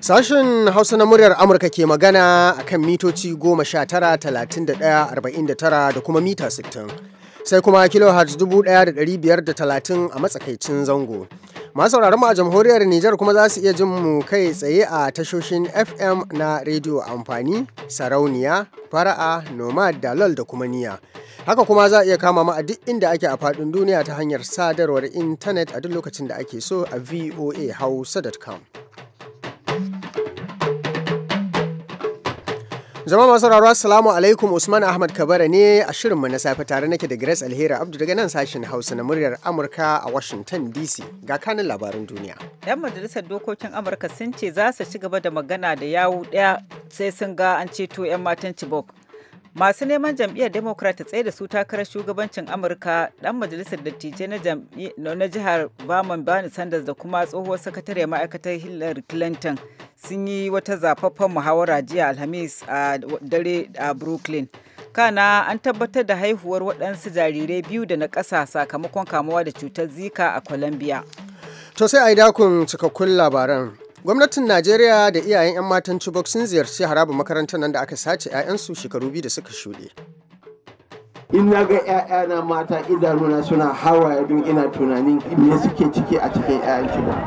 Sashen Hausa na muryar Amurka ke magana a kan mitoci 19,31,49 da kuma mita 60. Sai kuma kilohertz 1,530 a matsakaicin zango. Masu sauraron mu a jamhuriyar Nijar kuma za su iya jin mu kai tsaye a tashoshin FM na rediyo amfani, sarauniya, fara'a, nomad, dalal da kuma niya. Haka kuma za a iya kama mu a duk inda ake a faɗin duniya ta hanyar sadarwar intanet a duk lokacin da ake so a voahausa.com. Zama masu sauraro Assalamu alaikum Usman Ahmad Kabara ne a shirinmu na safe tare nake da Grace Alheri Abdu daga nan sashen Hausa na muryar Amurka a Washington DC ga kanin labarin duniya. Yan majalisar dokokin Amurka sun ce za su ci gaba da magana da yawu ɗaya sai sun ga an ceto 'yan matan Chibok. masu neman jam'iyyar democrat ta tsaye da su takarar shugabancin amurka dan majalisar dattijai na jihar vermont bernie sanders da kuma tsohuwar sakatare ma'aikatar hillary clinton sun yi wata zafaffen muhawara jiya alhamis a dare a brooklyn kana an tabbatar da haihuwar waɗansu jarirai biyu da na ƙasa sakamakon kamuwa da cutar zika a colombia to sai a yi dakon cikakkun labaran Gwamnatin Najeriya da iyayen 'yan matan Chibok sun ziyarci harabin makarantar nan da aka sace 'ya'yansu shekaru biyu da suka shuɗe. In na ga 'ya'yana mata idanuna suna hawaye don ina tunanin me suke ciki a cikin 'ya'yan Chibok.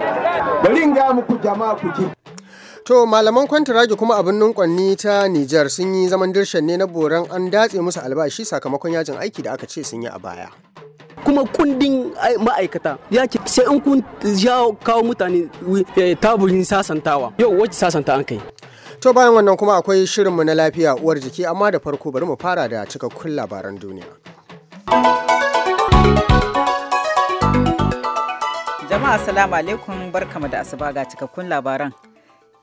Bari in ga muku jama'a ku ji. To malaman kwantiragi kuma abin nunkwanni ta Nijar sun yi zaman dirshan ne na boran an datse musu albashi sakamakon yajin aiki da aka ce sun yi a baya. kuma kundin ma'aikata ya ce sai in kun kawo mutane eh, taburin sasantawa yau wacce sasanta an kai To bayan wannan kuma akwai shirinmu na lafiya uwar jiki amma da farko bari mu fara da cikakkun labaran duniya. Jama'a salamu alaikum barkamu da asuba ga cikakkun labaran.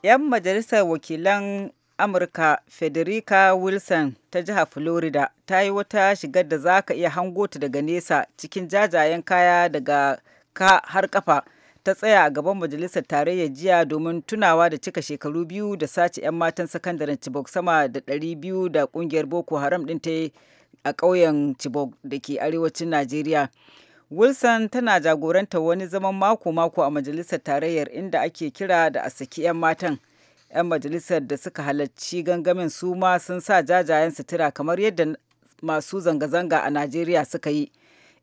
'Yan majalisar wakilan amurka federica wilson ta jihar florida ta yi wata shigar da za ka iya hango ta daga nesa cikin jajayen kaya daga ka har kafa ta tsaya a gaban majalisar tarayyar jiya domin tunawa da cika shekaru biyu da sace 'yan matan sakandaren chibok sama da 200 da kungiyar boko haram ɗin ta yi a ƙauyen chibok da ke arewacin najeriya wilson tana jagoranta wani zaman mako-mako a majalisar tarayyar inda ake kira da a saki 'yan matan 'yan majalisar da suka halarci gangamin su ma sun sa jajayen sutura kamar yadda masu zanga-zanga a najeriya suka yi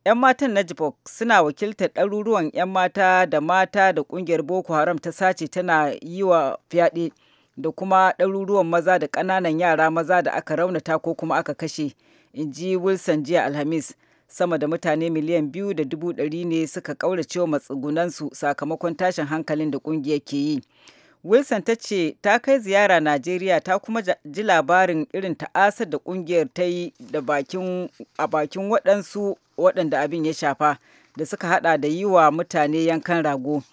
'yan matan na jibok suna wakiltar ɗaruruwan 'yan mata da mata da ƙungiyar boko haram ta sace tana yi wa fyaɗe da kuma ɗaruruwan maza da ƙananan yara maza da aka raunata ko kuma aka kashe in ji wilson jiya alhamis sama da mutane miliyan biyu da dubu ɗari ne suka ƙaurace wa matsugunansu sakamakon tashin hankalin da ƙungiyar ke yi wilson ta ce ta kai ziyara najeriya ta kuma ji labarin irin ta'asar da kungiyar ta yi a bakin waɗansu waɗanda abin ya shafa da suka hada da yi wa mutane yankan rago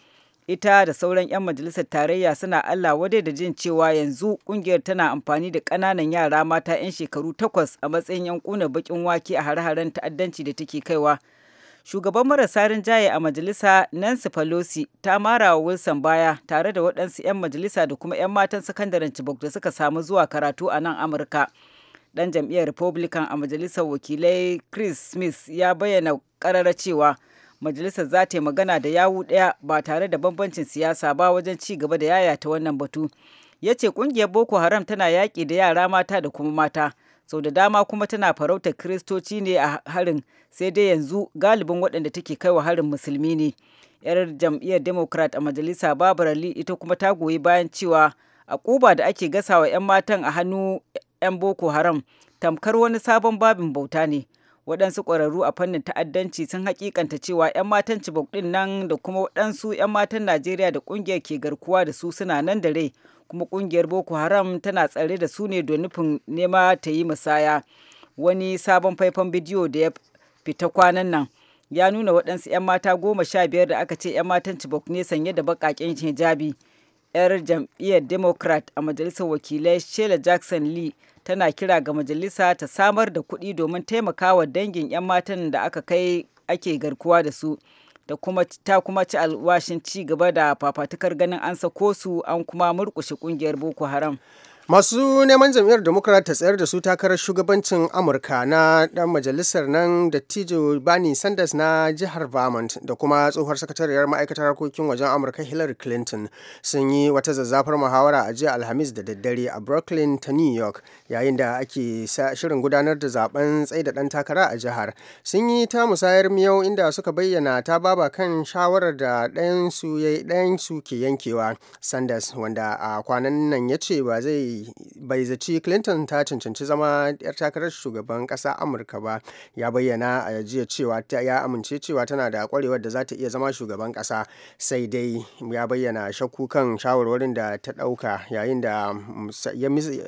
ita da sauran 'yan majalisar tarayya suna allah wadai da jin cewa yanzu kungiyar tana amfani da ƙananan yara mata 'yan shekaru takwas a matsayin 'yan ƙuna bakin wake a hare-haren ta'addanci da take kaiwa shugaban marasa rinjaye a majalisa nancy pelosi ta mara wa wilson baya tare da waɗansu 'yan majalisa da kuma 'yan matan sakandaren chibok da suka samu zuwa karatu a nan amurka ɗan jam'iyyar republican a majalisar wakilai chris smith ya bayyana ƙarara cewa majalisar za ta yi magana da yawu ɗaya ba tare da bambancin siyasa ba wajen ci gaba da yaya ta wannan batu ya ce ƙungiyar boko haram tana yaƙi da yara mata da kuma mata sau da dama kuma tana farauta kiristoci ne a harin sai dai yanzu galibin waɗanda take kaiwa harin musulmi ne yar jam'iyyar democrat a majalisa barbara lee ita kuma ta goyi bayan cewa a kuba da ake gasawa 'yan matan a hannu 'yan boko haram tamkar wani sabon babin bauta ne waɗansu ƙwararru a fannin ta'addanci sun hakikanta cewa 'yan matan cibok ɗin nan da kuma waɗansu 'yan matan najeriya da ƙungiyar ke garkuwa da su suna nan da rai kuma ƙungiyar boko haram tana tsare da su ne don nufin nema ta yi musaya wani sabon faifan bidiyo da ya fita kwanan nan ya nuna waɗansu 'yan mata goma sha biyar da aka ce 'yan matan cibok ne sanye da baƙaƙen hijabi 'yar jam'iyyar democrat a majalisar wakilai shela jackson lee tana kira ga majalisa ta samar da kuɗi domin taimakawa dangin 'yan matan da aka kai ake garkuwa da su da kuma ta kuma ci alwashin ci gaba da fafatukar ganin an sako su an kuma murkushe kungiyar boko haram masu neman jam'iyyar democrat ta tsayar da su takarar shugabancin amurka na dan majalisar nan da tijo bani sanders na jihar vermont da kuma tsohuwar sakatariyar ma'aikatar harkokin wajen amurka hillary clinton sun yi wata zazzafar muhawara a jiya alhamis da daddare a brooklyn ta new york yayin da ake shirin gudanar da zaben tsaida ɗan takara a jihar sun yi ta musayar miyau inda suka bayyana ta baba kan shawarar da su ya su ke yankewa sanders wanda a kwanan nan ya ce ba zai bai zaci clinton ta cancanci zama 'yar takarar shugaban ƙasa amurka ba ya bayyana a jiya cewa ya amince cewa tana da kwarewar da za ta iya zama shugaban ƙasa sai dai ya bayyana shakku kan shawarwarin da ta ɗauka yayin da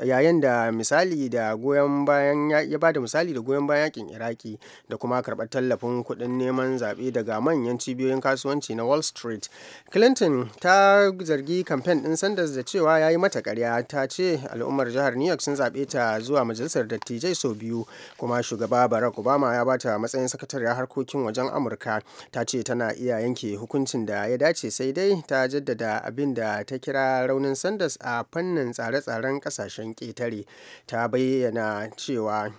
yayin da misali misali da goyon bayan ya bada misali da goyon bayan yakin Iraki da kuma karɓar tallafin kuɗin neman zaɓe daga manyan cibiyoyin kasuwanci na Wall Street. Clinton ta zargi kamfen ɗin Sanders da cewa ya yi mata karya ta ce al'ummar jihar New York sun zaɓe ta zuwa majalisar dattijai sau biyu kuma shugaba Barack Obama ya bata matsayin sakatariyar harkokin wajen Amurka ta ce tana iya yanke hukuncin da ya dace sai dai ta jaddada abin da ta kira raunin Sanders a fannin tsare-tsaren kasashen ketare. ta bayyana cewa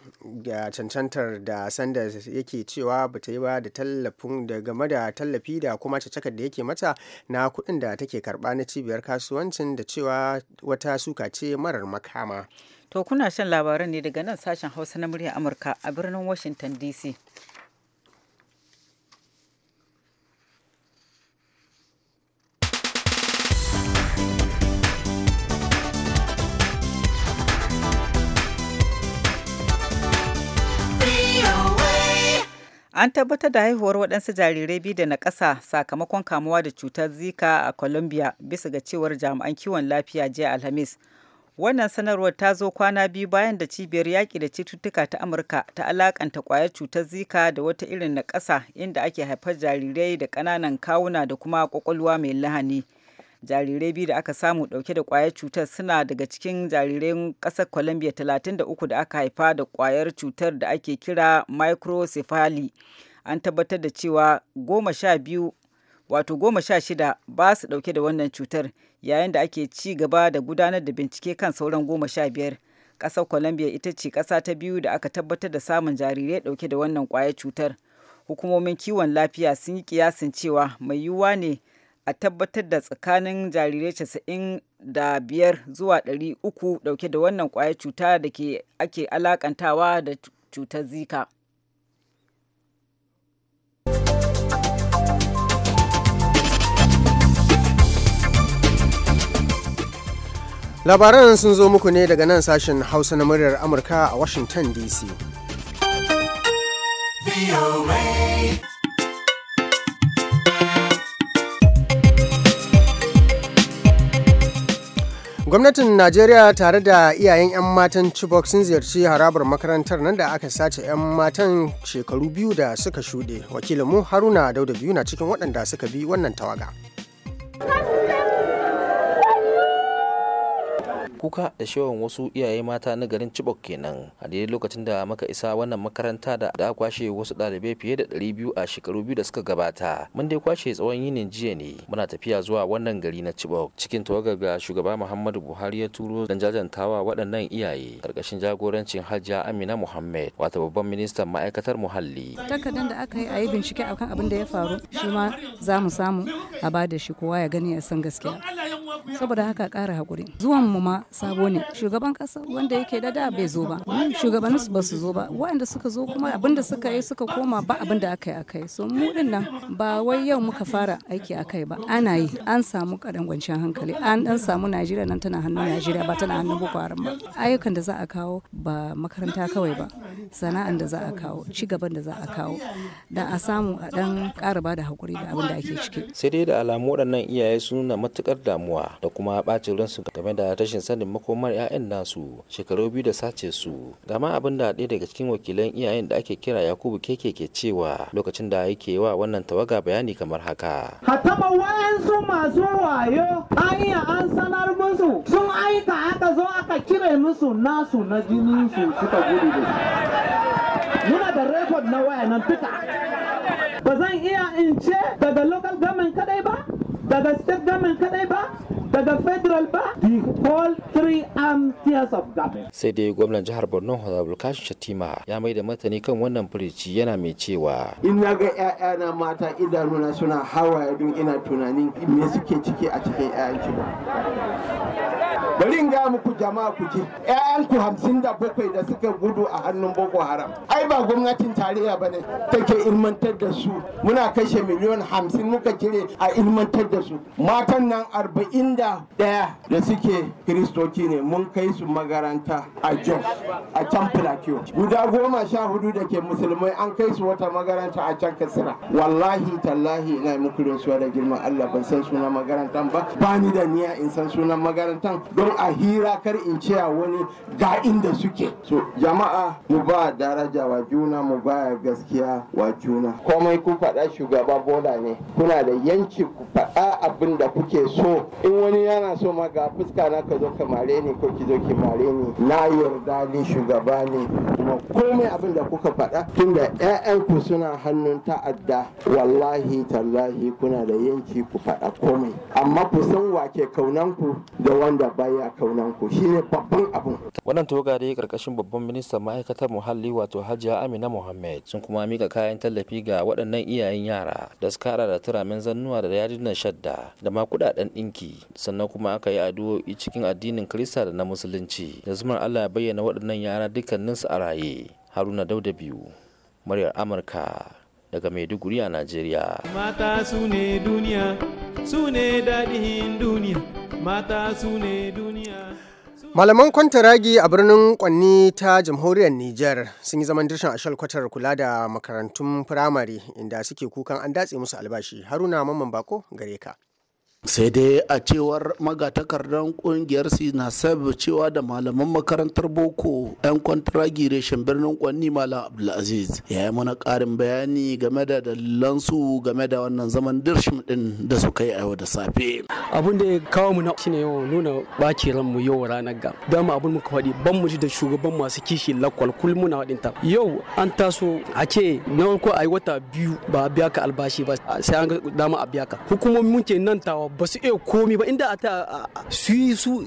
cancantar da sanders yake cewa ba ta yi ba da tallafin da game da tallafi da kuma cacakar da yake mata na kuɗin da take karɓa na cibiyar kasuwancin da cewa wata suka ce marar makama to kuna shan labaran ne daga nan sashen hausa na murya amurka a birnin washington dc An tabbatar da haihuwar waɗansu jarirai biyu da na ƙasa sakamakon kamuwa da cutar Zika a Colombia bisa ga cewar jami'an kiwon lafiya jiya Alhamis. Wannan sanarwar ta zo kwana biyu bayan da cibiyar yaƙi da cututtuka ta Amurka ta alaƙanta ƙwayar cutar Zika da wata irin na ƙasa inda ake haifar jarirai da ƙananan kawuna da kuma ƙwaƙwalwa mai lahani. jarirai biyu da aka samu dauke da kwayar cutar suna daga cikin jarirai kasar colombia 33 da aka haifa da kwayar cutar da ake kira microcephaly an tabbatar da cewa goma sha biyu wato goma sha shida ba su dauke da wannan cutar yayin da ake ci gaba da gudanar da bincike kan sauran goma sha biyar ƙasar colombia ita ce ƙasa ta biyu da aka tabbatar da samun jarirai dauke da wannan kwayar cutar hukumomin kiwon lafiya sun yi kiyasin cewa mai yiwuwa ne a tabbatar da tsakanin jarirai casa'in zuwa 300 uku ɗauke da wannan kwayar cuta da ke ake alakantawa da cutar zika. Labaran sun zo muku ne daga nan sashen Hausa na muryar Amurka a Washington DC. gwamnatin najeriya tare da iyayen 'yan matan chibok sun ziyarci harabar makarantar nan da aka sace 'yan matan shekaru biyu da suka shuɗe wakilinmu haruna dauda biyu na cikin waɗanda suka bi wannan tawaga kuka da shewan wasu iyaye mata na garin Chibok kenan a daidai lokacin da muka isa wannan makaranta da da kwashe wasu ɗalibai fiye da 200 a shekaru biyu da suka gabata mun dai kwashe tsawon yinin jiya ne muna tafiya zuwa wannan gari na Chibok cikin tawagar ga shugaba Muhammadu Buhari ya turo dan jajantawa waɗannan iyaye karkashin jagorancin Hajja Amina Muhammad wato babban ministan ma'aikatar muhalli takardar da aka yi a yi bincike akan abin da ya faru shi ma za mu samu a ba da shi kowa ya gani ya san gaskiya saboda haka ƙara haƙuri zuwan mu ma sabo ne shugaban kasa wanda yake da da bai zo ba shugabannin su ba su zo ba waɗanda suka zo kuma abinda suka yi suka koma ba abin aka yi aka yi so mu din nan ba wai yau muka fara aiki akai ba ana yi an samu kadan kwanciyar hankali an dan samu Najeriya nan tana hannun Najeriya ba tana hannun Boko Haram ba ayyukan da za a kawo ba makaranta kawai ba sana'an da za a kawo ci gaban da za a kawo da a samu a dan ƙara ba da hakuri da abin ake ciki sai dai da alamu waɗannan iyaye sun nuna matukar damuwa da kuma bacin ransu game da rashin sanin sanin makomar 'ya'yan nasu shekaru biyu da sace su dama abin da ɗaya daga cikin wakilan iyayen da ake kira yakubu keke ke cewa lokacin da yake wa wannan tawaga bayani kamar haka hatama wayansu masu wayo hanya an sanar musu sun aika aka zo aka kire musu nasu na jinin su suka gudu da muna da rekod na nan duka ba zan iya in ce daga local government kadai ba daga state government kadai ba daga federal Bank, the three arm tiers of government. Sai dai gwamnan jihar Borno Honorable Kashi Shatima ya mai da martani kan wannan firici yana mai cewa. In na ga 'ya'yana mata idanuna suna hawaye don ina tunanin me suke ciki a cikin 'ya'yanci ba. Bari in ga muku jama'a ku ji 'ya'yanku hamsin da bakwai da suka gudu a hannun Boko Haram. Ai ba gwamnatin tarayya ba ne take ilmantar da su. Muna kashe miliyon hamsin muka cire a ilmantar da su. Matan nan arba'in wanda ɗaya da suke kiristoci ne mun kai su magaranta a jos a can plateau guda goma sha hudu da ke musulmai an kai su wata magaranta a can katsina wallahi tallahi ina muku rinsuwa da girman allah ban san sunan magarantan ba ba ni da niyya in san sunan magarantan don a hira kar in ce wani ga inda suke so jama'a mu ba daraja wa juna mu ba gaskiya wa juna komai ku faɗa shugaba bola ne kuna da yanci ku faɗa abin da kuke so in wani yana so ma ga fuska na ka zo ka mare ni ko ki zo ki mare ni na yarda ni shugaba ne kuma komai abin da kuka faɗa Tunda da ku suna hannun ta'adda wallahi tallahi kuna da yanki ku faɗa komai amma ku san wake kaunanku da wanda baya kaunanku shine babban abin wannan togare karkashin babban ministan ma'aikatar muhalli wato hajiya amina muhammad sun kuma mika kayan tallafi ga waɗannan iyayen yara da suka da turamin zannuwa da yadinan shadda da ma kuɗaɗen ɗinki sannan kuma aka yi addu'o'i cikin addinin Kirista da na Musulunci da zumar Allah ya bayyana waɗannan yara dukkaninsu a raye Haruna Dauda biyu muryar Amurka daga Maiduguri a Najeriya mata su ne duniya su ne daɗin duniya mata su ne duniya Malaman kwantaragi a birnin Kwanni ta jamhuriyar Nijar sun yi zaman dirshan a shalkwatar kula da makarantun firamare inda suke kukan an datse musu albashi. Haruna Mamman Bako gare ka. sai dai a cewar magatakardar kungiyar sinasab cewa da malaman makarantar boko 'yan kwantiragi reshen birnin kwanni malam abdulaziz ya yi mana karin bayani game da dalilansu game da wannan zaman dirshim din da suka yi a yau da safe abin da ya kawo mu na shine yau nuna ɓaci ranmu yau ranar ga dama abin muka faɗi ban mu ji da shugaban masu kishi lakwal kul muna waɗin ta yau an taso a ce na farko a yi wata biyu ba a biya ka albashi ba sai an ga dama a biya ka hukumomin ke nan tawa ba su iya komi ba inda ta su yi su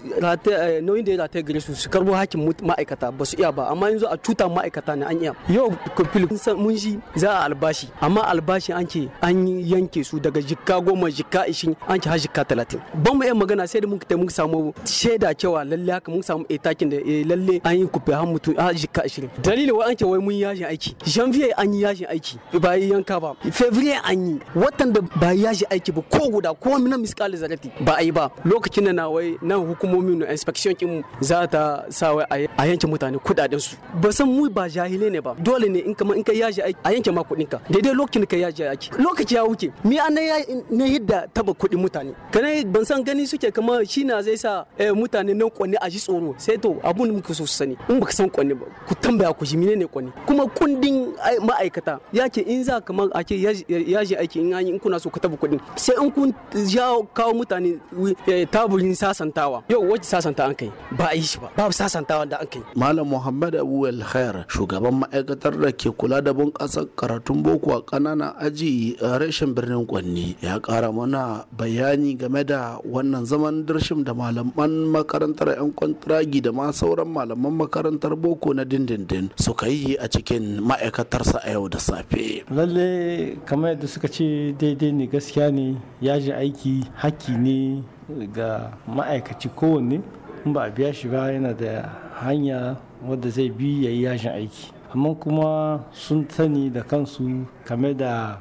eh, nauyin da ya ta gare su su karbo hakin ma'aikata ba su iya ba amma yanzu a cuta ma'aikata na an iya yau kofil mun shi za a albashi amma albashi an ce an yanke su daga jikka goma jikka ishin an ce har jikka talatin ban mu iya magana sai da mun kita mun samu shaida cewa lalle haka mun samu etakin da eh, lalle an yi kufi har mutu har jikka ishin dalilin wai an ce wai mun yashin aiki janvier an yi yashin aiki ba yanka ba fevrier an yi watan da ba yashin aiki ba ko guda ko na miski alƙali zarati ba a yi ba lokacin da wai nan hukumomin na inspection kin za ta sa wai a yanke mutane kudaden su ba san mu ba jahile ne ba dole ne in kama in ka yaji aiki a yanke ma kudin ka daidai lokacin ka yaji aiki lokaci ya wuce mi an na hidda taba kudin mutane kana ban san gani suke kama shi na zai sa eh, mutane nan kwani a ji tsoro sai to abun da muke so su sani in baka san kwani ba ku tambaya ku ji menene kwani kuma kundin eh, ma'aikata yake in za kamar ake yaji aiki in an in kuna so ka taba kudin sai in kun jawo kawo mutane eh, taburin sasantawa yau wacce sasanta an kai ba a yi shi ba babu sasantawa da an kai malam muhammad abu khair shugaban ma'aikatar da ke kula da bunƙasar karatun boko a ƙananan aji eh, reshen birnin kwanni ya ƙara mana bayani game da wannan zaman dirshim da malaman makarantar 'yan kwantiragi da ma sauran malaman makarantar boko na dindindin suka yi a cikin ma'aikatarsa a yau da safe lalle kamar yadda suka ce daidai ne gaskiya ne yaji aiki haƙƙi ne ga ma'aikaci kowanne in ba a biya shi ba yana da hanya wadda zai bi ya yi yashin aiki amma kuma sun sani da kansu kame da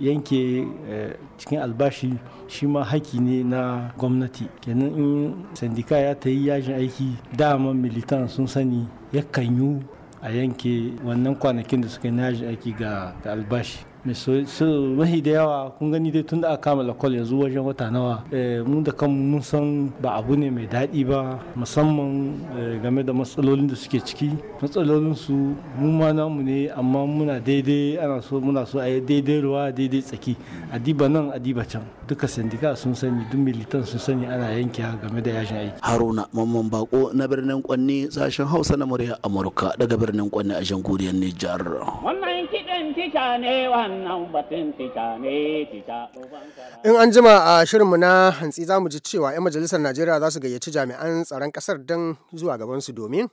yanke eh, cikin albashi shi ma haki ne na gwamnati kenan in sandika ya ta yi yajin aiki dama militan sun sani yakan yi a yanke wannan kwanakin da suka yi yajin aiki ga albashi mahi da yawa kun gani dai tun da aka kama kwal yanzu wajen wata nawa eh, mun da kan mun san ba abu ne mai daɗi ba musamman eh, game da matsalolin da suke ciki matsalolin su mu ma namu ne amma muna daidai ana so muna so a yi daidai ruwa daidai tsaki adiba nan adiba can duka sindika sun sani duk militan sun sani ana yanke game da yashin aiki haruna mamman bako na birnin kwanni sashen hausa na murya amurka daga birnin kwanni a jamhuriyar nijar wannan yanki in an jima a shirinmu na hantsi za mu ji cewa 'yan majalisar najeriya za su gayyaci jami'an tsaron kasar don zuwa gabansu domin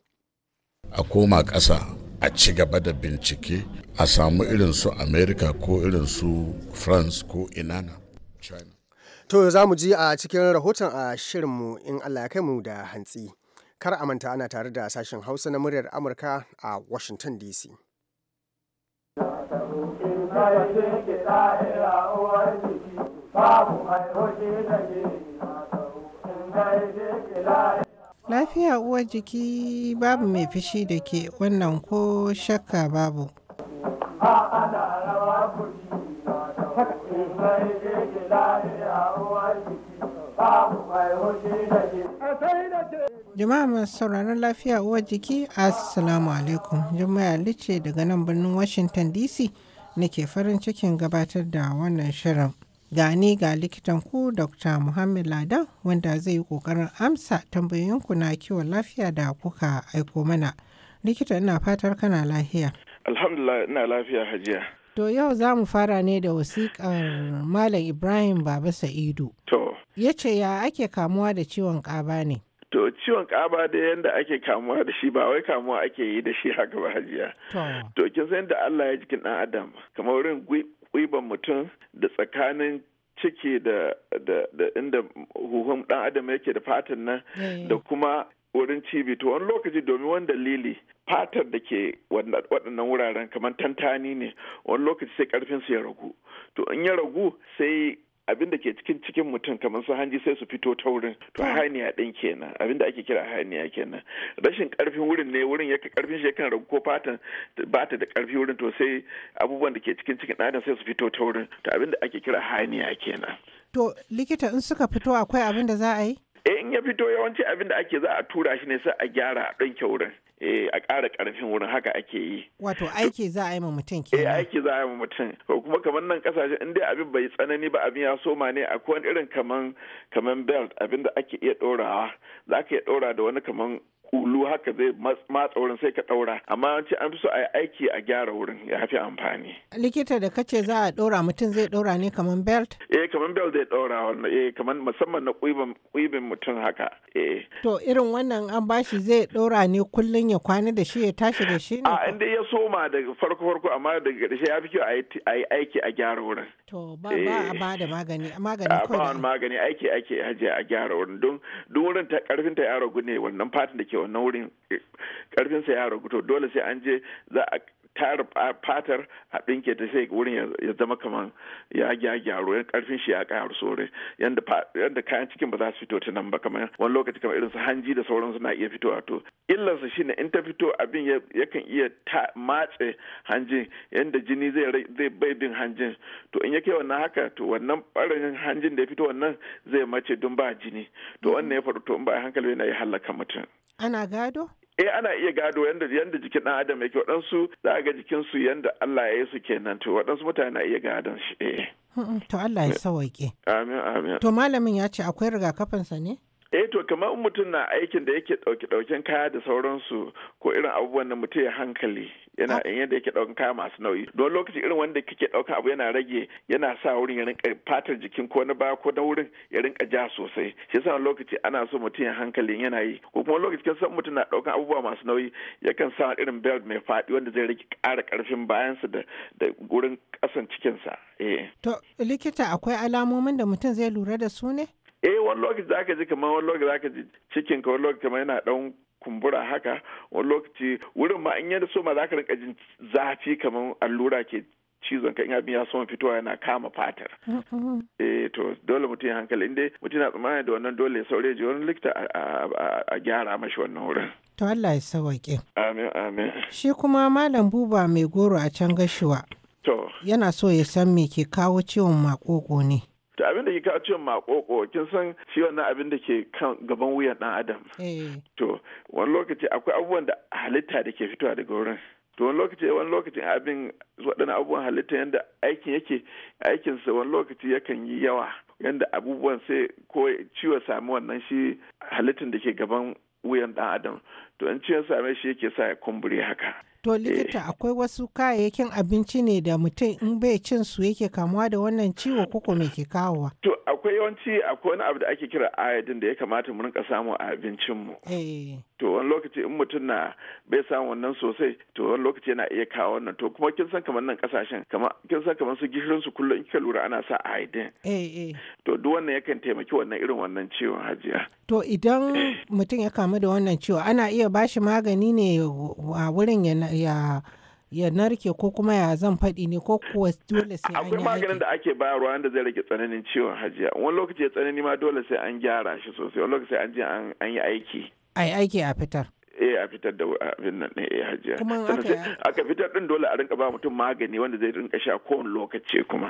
a koma ƙasa a ci gaba da bincike a samu irin su america ko irin france ko inana china to za mu ji a cikin rahoton a shirinmu in allah ya kai mu da hantsi kar a manta ana tare da sashen hausa na muryar amurka a washington dc Lafiya uwar jiki babu mai fishi da ke wannan ko shakka babu. Ba ana rawa kuri ba da Jama'a masu sauraron lafiya uwar jiki, Assalamu alaikum. Jummai Ali ce daga nan birnin Washington DC nake farin cikin gabatar da wannan shirin. Gani ga likitan ku Dr. Muhammad Ladan wanda zai yi kokarin amsa tambayoyinku na kiwon lafiya da kuka aiko mana. Likita ina fatar kana lafiya. Alhamdulillah ina lafiya hajiya. To yau za mu fara ne da wasikar Malam Ibrahim Baba Sa'idu. To. Ya ce ya ake kamuwa da ciwon ƙaba ne? To ciwon ƙaba da yadda ake kamuwa da shi ba wai kamuwa ake yi da shi haka ba hajiya. To. kin san da Allah ya jikin ɗan Adam kamar wurin gwiban mutum da tsakanin ciki da inda huhun ɗan adam yake da fatan nan eh. da kuma wurin cibi to wani lokaci domin wani dalili fatar da ke waɗannan wuraren kamar tantani ne wani lokaci sai karfin su ya ragu to in ya ragu sai abin da ke cikin cikin mutum kamar su hanji sai su fito ta wurin to haniya hmm. din kenan abin da ake kira haniya kenan rashin karfin wurin ne wurin yake karfin shi yakan ragu ko fatan ba ta da karfi wurin to sai abubuwan da ke cikin cikin ɗan sai su fito ta wurin to abin da ake kira haniya kenan to likita in suka fito akwai abin da za a yi Eh in ya fito yawanci abin da ake za a tura shi ne sai a gyara a ɗanke wurin eh, a ƙara ƙarfin wurin haka ake yi wato aiki za a yi ma mutum ke eh aiki za a yi ma mutum Ko kuma kamar nan kasashe in dai abin bai tsanani ba abin ya soma ne a wani irin kaman belt abin da ake iya ɗorawa za ka iya ɗora da wani kamar. kulu haka zai matsa wurin sai ka ɗaura amma an ce an fi so a yi aiki a gyara wurin ya fi amfani. likita da kace za a ɗaura mutum zai ɗaura ne kamar belt? eh kamar belt zai ɗaura wannan eh kamar musamman na ƙuibin mutum haka eh. to irin wannan an bashi zai ɗaura ne kullum ya kwana da shi ya tashi da shi ne? a inda ya soma daga farko farko amma daga ƙarshe ya fi kyau a yi aiki a gyara wurin. to ba ba a eh. ba da magani magani kawai. ba magani aiki aiki a gyara wurin don wurin ta karfin ta ya ragu ne wannan fatin da ke wannan wurin sa ya ragu dole sai an je za a tara fatar a ɗinke ta sai wurin ya zama kaman ya gyaro yan karfin shi ya ƙaru sore yadda kayan cikin ba za su fito ta nan ba kamar wani lokaci kamar irin su hanji da sauran suna iya fitowa to illarsa shine in ta fito abin yakan iya matse hanjin yadda jini zai bai bin hanjin to in ya kai wannan haka to wannan ɓarayin hanjin da ya fito wannan zai mace don ba jini to wannan ya faru to in ba hankali yana ya halaka mutum Ana gado? eh ana iya gado yanda jikin dan adam yake waɗansu za ga jikin su yanda Allah ya yi su kenan to waɗansu mutane na iya gadon shi eh to Allah ya eh. sauke amin amin to malamin ya ce akwai rigakafin sa ne eh to kamar mutum na aikin da yake dauke dauken kaya da sauransu ko irin abubuwan da mutum ya hankali yana in ah. yadda yake daukan kaya masu nauyi don lokaci irin wanda kike daukan abu yana rage yana sa wurin ya rinka fatar jikin ko na baya ko na wurin ya rinka ja sosai shi yasa lokaci ana so mutum ya hankali yana yi ko kuma lokaci kan san mutum na daukan abubuwa masu nauyi yakan sa irin belt mai fadi wanda zai rage ƙara ƙarfin bayansa da da wurin ƙasan cikinsa eh to likita akwai alamomin da mutum zai lura da su ne eh wani lokaci za ka ji kamar wani lokaci za ka ji cikin ka wani lokaci kamar yana dan kumbura haka wani lokaci wurin ma in yi so ma za ka rinka jin zafi kamar allura ke cizon ka in abin ya soma fitowa yana kama fatar. Mm-hmm. Eh to dole mutum ya hankali inda mutum na tsammani da wannan dole saurayi ji wani likita a gyara mashi wannan wurin. To Allah ya sawaƙe. Amin amin. Shi kuma Malam Buba mai goro a can gashuwa. To. Yana so ya san me ke kawo ciwon makoko ne. to abin da kika ce makoko kin san shi wannan abin da ke kan gaban wuyan dan adam eh. to wani lokaci akwai abubuwan da halitta da ke fitowa daga wurin to wani lokaci wani lokacin abin waɗannan abubuwan halitta yadda aikin yake sa wani lokaci yakan yi yawa yadda abubuwan sai ko ciwo sami wannan shi halittin da ke gaban wuyan dan adam to in ciwon same shi yake sa ya kumbure haka To eh. likita akwai wasu kayayyakin abinci ne da mutum in bai cin su yake kamuwa da wannan ciwo koko me ke kawowa? To akwai yawanci akwai wani abu da ake kira ayadin da ya kamata mu rinka samu a abincinmu. Eh. To wani lokaci in mutum na bai samu wannan sosai to wani lokaci yana iya kawo wannan to kuma kin san kamar nan kasashen kin san kamar su gishirin su kullum in kika lura ana sa ayadin. Eh, eh. To duk wannan yakan taimaki wannan irin wannan ciwon hajiya. To idan mutum ya kamu da wannan ciwo ana iya bashi magani ne a wurin ya ya narke ko kuma ya zan faɗi ne ko kuwa dole sai an akwai maganin da ake bayarwa wanda zai rage tsananin ciwon hajiya wani lokaci ya tsanani ma dole sai an gyara shi sosai wani lokaci an je an yi aiki ai aiki a fitar eh a fitar da abin nan ne eh hajiya kuma aka fitar din dole a rinka ba mutum magani wanda zai rinka sha kowane lokaci kuma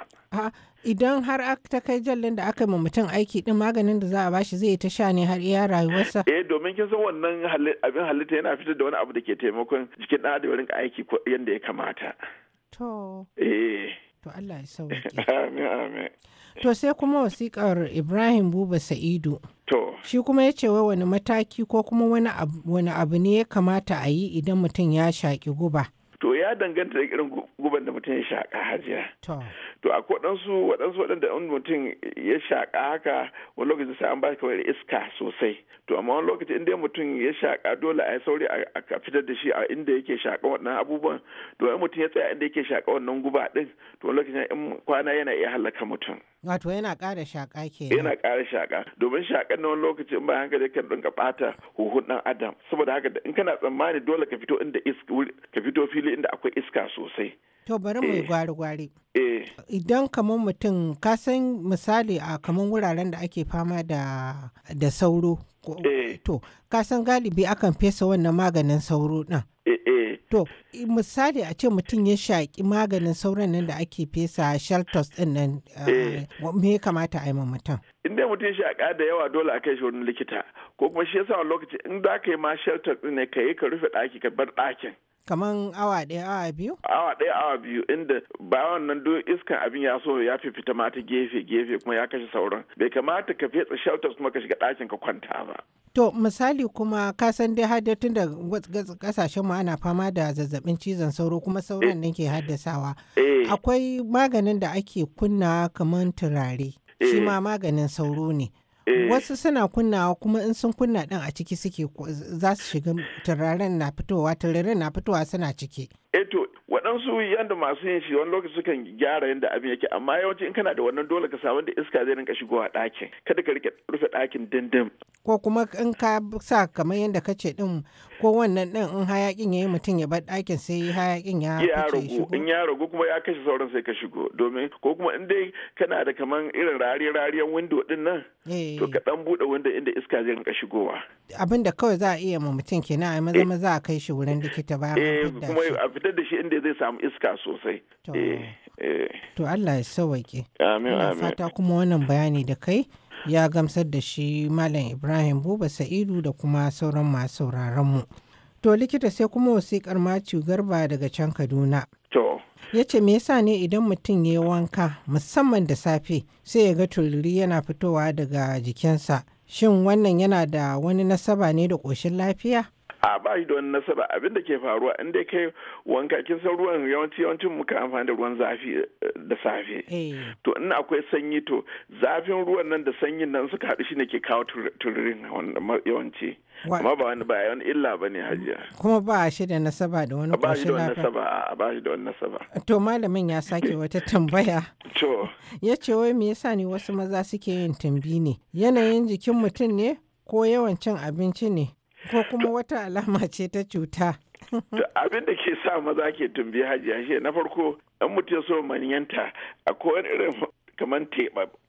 idan har a ta kai jallin da aka ma mutum aiki din maganin da za a bashi zai ta sha ne har iya rayuwarsa eh domin kin san wannan abin halitta yana fitar da wani abu da ke taimakon jikin ɗan adam rinka aiki yadda ya kamata to eh to Allah ya sauke amin amin To sai kuma wasikar Ibrahim Buba Sa'idu. To. Shi kuma ya ce wai wani mataki ko kuma wani abu ne ya kamata a yi idan mutum ya shaƙi guba. To ya danganta da irin guban da mutum ya shaƙa hajiya. To. To a waɗansu waɗansu waɗanda in mutum ya shaƙa haka wani lokaci sai an ba kawai iska sosai. To amma wani lokaci inda mutum ya shaƙa dole a yi sauri a fitar da shi a inda yake shaƙa waɗannan abubuwan. To in mutum ya tsaya inda yake shaƙa wannan guba ɗin to wani lokaci in kwana yana iya halaka mutum. Wato yana ƙara shaƙa ke. Yana ƙara shaƙa domin shaƙan na wani lokaci in ba hankali kan dinka ɓata huhun ɗan adam saboda haka in kana tsammani dole ka fito inda iska ka fito fili inda akwai iska sosai. To bari mu yi eh. gwari gwari. Eh. Idan kamar mutum ka san misali a kamar wuraren da ake fama da da sauro. Eh. To ka san galibi akan fesa wannan maganin sauro ɗin. To, misali a ce mutum ya shaƙi maganin sauran nan da ake fesa shelters ɗin nan ah, eh. me ya kamata a yi mutum? In dai mutum shaƙa da yawa dole a kai shi wani likita ko kuma shi yasa wani lokaci in za ka yi ma shaltos ɗin ne ka yi ka rufe ɗaki ka bar ɗakin. kaman awa ɗaya awa biyu? awa ɗaya awa biyu inda bayan nan duk iskan abin ya so ya fi fita mata gefe gefe kuma ya kashe sauran bai kamata ka fetsa shelters kuma ka shiga ɗakin ka kwanta ba. to misali kuma ka san dai tun da kasashen mu ana fama da zazzabin cizon sauro kuma sauran eh. nan ke haddasawa. Eh. akwai maganin da ake kunna kamar turare. shi eh. ma maganin sauro ne. Eh. wasu suna kunnawa kuma in sun kunna din a ciki suke za su shiga turaren na fitowa turaren na fitowa suna ciki eto eh waɗansu yadda masu yin shi wani lokaci sukan gyara yadda abin yake amma yawanci in kana da wannan dole ka samu da iska zai rinka shigowa ɗakin kada ka rike rufe ɗakin dindin. ko kuma in ka sa kamar yadda ka ce din ko wannan din in hayakin yi mutum ya bar ɗakin sai hayakin ya ya ragu in ya ragu kuma ya kashe sauran sai ka shigo domin ko kuma in dai kana da kamar irin rari rariyan window din nan eh. to ka dan buɗe window inda iska zai rinka shigowa abin da kawai za a iya ma mutum kenan a maza maza a kai shi wurin eh, likita ba kuma a fitar da shi inda zai samu iska sosai to eh, eh. Allah ya sawaƙe amin amin fata kuma wannan bayani da kai ya gamsar da shi malam ibrahim buba sa'idu da kuma sauran masu sauraron mu to likita sai kuma wasiƙar Matthew garba daga can kaduna to ya ce me yasa ne idan mutum ya yi wanka musamman da safe sai ya ga tururi yana fitowa daga jikinsa shin wannan yana da wani nasaba ne da ƙoshin lafiya a ba shi da wani nasaba abin da ke faruwa in dai kai wanka kin san ruwan yawanci yawancin muka amfani da ruwan zafi eh, da safe eh. to in akwai sanyi to zafin ruwan nan da sanyin nan suka haɗu shine ke kawo tururin yawanci amma ba wani ba wani illa ba ne hajiya kuma ba shi da nasaba da wani ba shi da wani nasaba ba shi da wani nasaba to malamin ya sake wata tambaya to ya ce wai me yasa ne wasu maza suke yin tambi ne yanayin jikin mutum ne ko yawan cin abinci ne ko kuma wata alama ce ta cuta abin da ke sa maza ke tumbi hajiya shi na farko dan mutum ya so manyanta a kowane irin kamar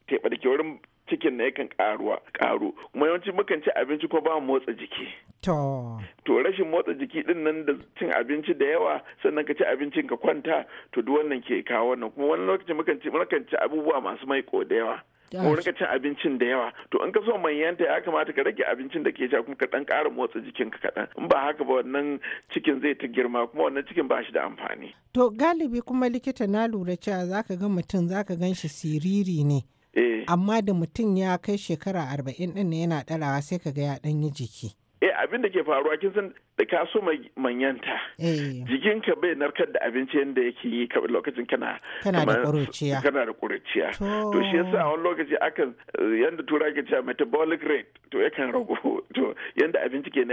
teɓa da ke wurin cikin na yakan karuwa karu kuma yawanci mukan ci abinci ko ba motsa jiki to rashin motsa jiki din nan da cin abinci da yawa sannan ka ci abincin ka kwanta to duwannan wannan ke kawo wannan kuma wani lokaci mukan ci mukan ci abubuwa masu maiko da yawa ko ka cin abincin da yawa to in ka so manyanta ya kamata ka rage abincin da ke sha kuma ka dan ƙara motsa jikinka kaɗan in ba haka ba wannan cikin zai ta girma kuma wannan cikin ba shi da amfani. To galibi kuma likita na lura cewa zaka ga mutum zaka gan shi siriri ne. Eh. Amma da mutum ya kai shekara arba'in ɗin yana ɗarawa sai ka ga ya ɗan yi jiki. eh abin da ke faruwa kin san ka so manyanta eh. jikinka bai narkar da abinci yadda yake yi lokacin kana kana da kuruciya to shi yasa wani lokaci akan eh, yadda tura ke cewa metabolic rate to yakan ragu to yadda abinci ke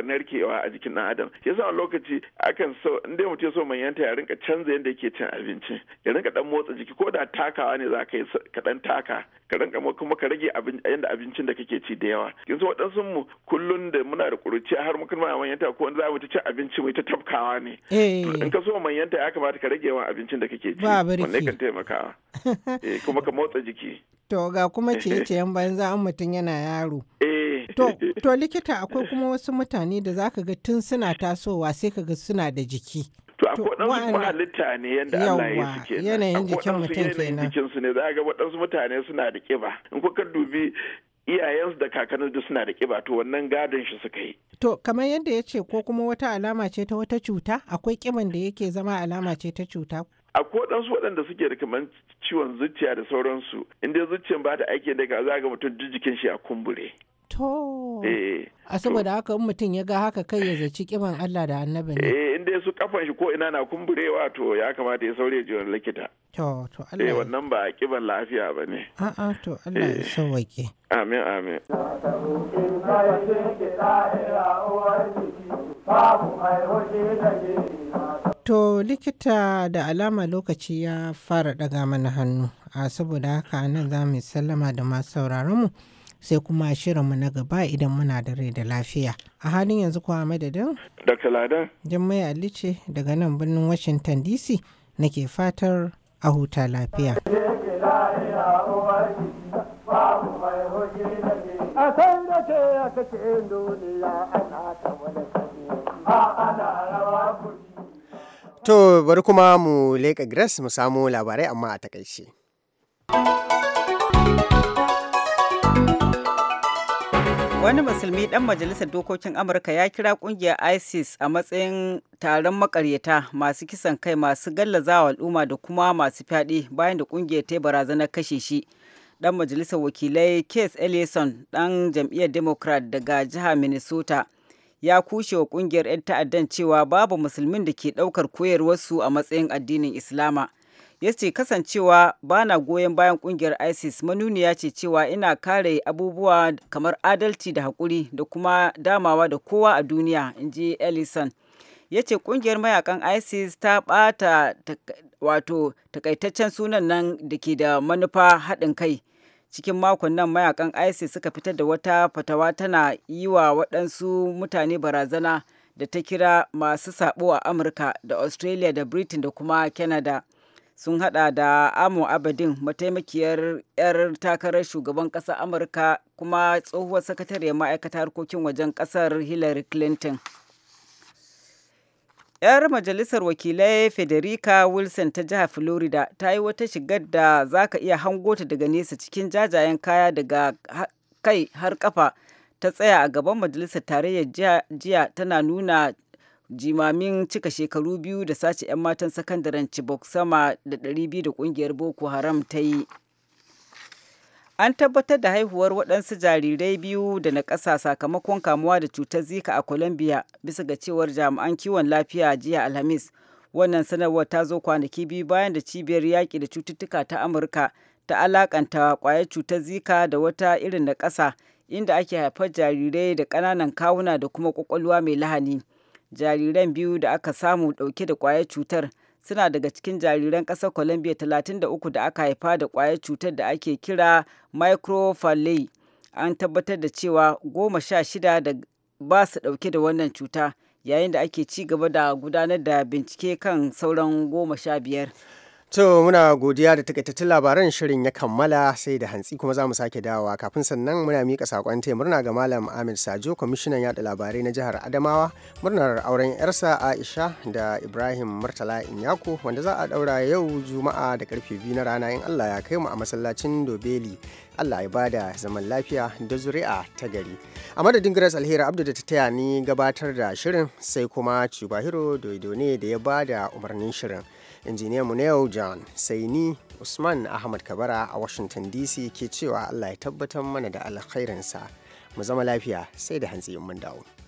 narkewa a jikin dan adam shi yasa wani lokaci akan so inda mutum ya so manyanta ya rinka canza yadda yake cin abinci ya rinka dan motsa jiki ko da takawa ne za ka yi ka dan taka ka rinka kuma ka rage yadda abincin da kake ci da yawa yanzu waɗansu mu kullun da muna da kuruciya har mu kuma ta ko wanda za mu ci abinci mai ta tabkawa ne eh. in ka so manyanta ya kamata ka rage yawan abincin da kake ci Ba wannan kan taimakawa eh, kuma ka motsa jiki to ga kuma ce ciye-ciyen banza an mutum yana yaro eh. to, to likita akwai kuma wasu mutane da za ka ga tun suna tasowa sai ka ga suna da jiki to akwai waɗansu halitta ne yadda Allah ya suke. kenan yanayin jikin mutum kenan jikin su ne za ga waɗansu mutane suna da ƙiba in kuka dubi iyayensu da kakannin duk suna da kiba to wannan gadon shi suka yi. To kamar yadda ya ce ko kuma wata alama ce ta wata cuta akwai kiban da yake zama alama ce ta cuta. A ko waɗanda suke da kamar ciwon zuciya da sauransu inda zuciyan ba ta aiki daga za ga mutum duk jikin shi a kumbure. To. Eh. A saboda haka in mutum ya ga haka kai ya zaci kiman Allah da annabi ne. Eh in dai su kafan shi ko ina na kumburewa to ya kamata ya saurayi jiwon likita. To to Allah. Eh wannan ba kiban lafiya ba ne. A'a to Allah ya eh. sauwaƙe. Amin amin. To likita da alama lokaci ya fara ɗaga mana hannu, a saboda haka nan za mu sallama da masu sauraronmu. mu. sai kuma mu na gaba idan muna da rai da lafiya. A halin yanzu kuwa madadin? Dr. Ladan. Jummai Ali ce daga nan birnin Washington DC nake fatar a huta lafiya. To bari kuma mu leƙa Grace mu samu labarai amma a takaice. Wani musulmi dan majalisar dokokin Amurka ya kira ƙungiyar ISIS a matsayin taron makaryata masu kisan kai masu gallazawa al'umma da kuma masu fyaɗe bayan da ƙungiyar ta barazana kashe shi. dan majalisar wakilai kes Ellison dan jam'iyyar Democrat daga jihar Minnesota ya kushe wa ƙungiyar 'yan ta'addan cewa babu musulmin da ke ɗaukar koyarwarsu a matsayin addinin Islama. ya ce kasancewa ba na goyon bayan kungiyar isis manuniya ce cewa ina kare abubuwa kamar adalci da haƙuri da kuma damawa da kowa a duniya in ji ellison ya ce kungiyar mayakan isis ta ɓata wato takaitaccen sunan nan da ke da manufa haɗin kai cikin makon nan mayakan isis suka fitar da wata fatawa tana yi wa waɗansu mutane barazana da ta kira masu sabo a amurka da australia da britain da kuma canada sun hada da amo abadin mataimakiyar 'yar takarar shugaban ƙasar amurka kuma tsohuwar sakatariyar ma'aikatar harkokin wajen ƙasar hillary clinton 'yar majalisar wakilai federica wilson ta jihar florida ta yi wata shigar da za ka iya hangota daga nesa cikin jajayen kaya daga kai har kafa ta tsaya a gaban majalisar tarayyar jiya tana nuna jimamin cika shekaru biyu da sace 'yan matan sakandaren Chibok sama da 200 da kungiyar Boko Haram ta yi. An tabbatar da haihuwar waɗansu jarirai biyu da na ƙasa sakamakon kamuwa da cutar zika a Colombia bisa ga cewar jami'an kiwon lafiya jiya Alhamis. Wannan sanarwar ta zo kwanaki biyu bayan da cibiyar yaƙi da cututtuka ta Amurka ta alaƙanta ƙwayar cutar zika da wata irin na ƙasa inda ake haifar jarirai da ƙananan kawuna da kuma ƙwaƙwalwa mai lahani. jariran biyu da aka samu dauke da kwayar cutar suna daga cikin jariran ƙasar colombia 33 da aka haifa da kwayar cutar da ake kira microcephaly an tabbatar da cewa goma sha shida da ba su dauke da wannan cuta yayin da ake ci gaba da gudanar da bincike kan sauran goma sha biyar To muna godiya da takaitattun labaran shirin ya kammala sai da hantsi kuma za mu sake dawowa kafin sannan muna mika sakon taya murna ga Malam Ahmed Sajo kwamishinan yada labarai na jihar Adamawa murnar auren yarsa Aisha da Ibrahim Murtala Inyako wanda za a daura yau Juma'a da karfe biyu na rana in Allah ya kai mu a masallacin Dobeli Allah ya bada zaman lafiya da zuri'a ta gari. A madadin Grace Alheri Abdu da ta taya ni gabatar da shirin sai kuma Cibahiro Doido ne da ya bada umarnin shirin. injiniyan mu na yau john saini usman ahmad kabara a washington dc ke cewa allah ya tabbatar mana da alkhairinsa mu zama lafiya sai da hantsi mun dawo.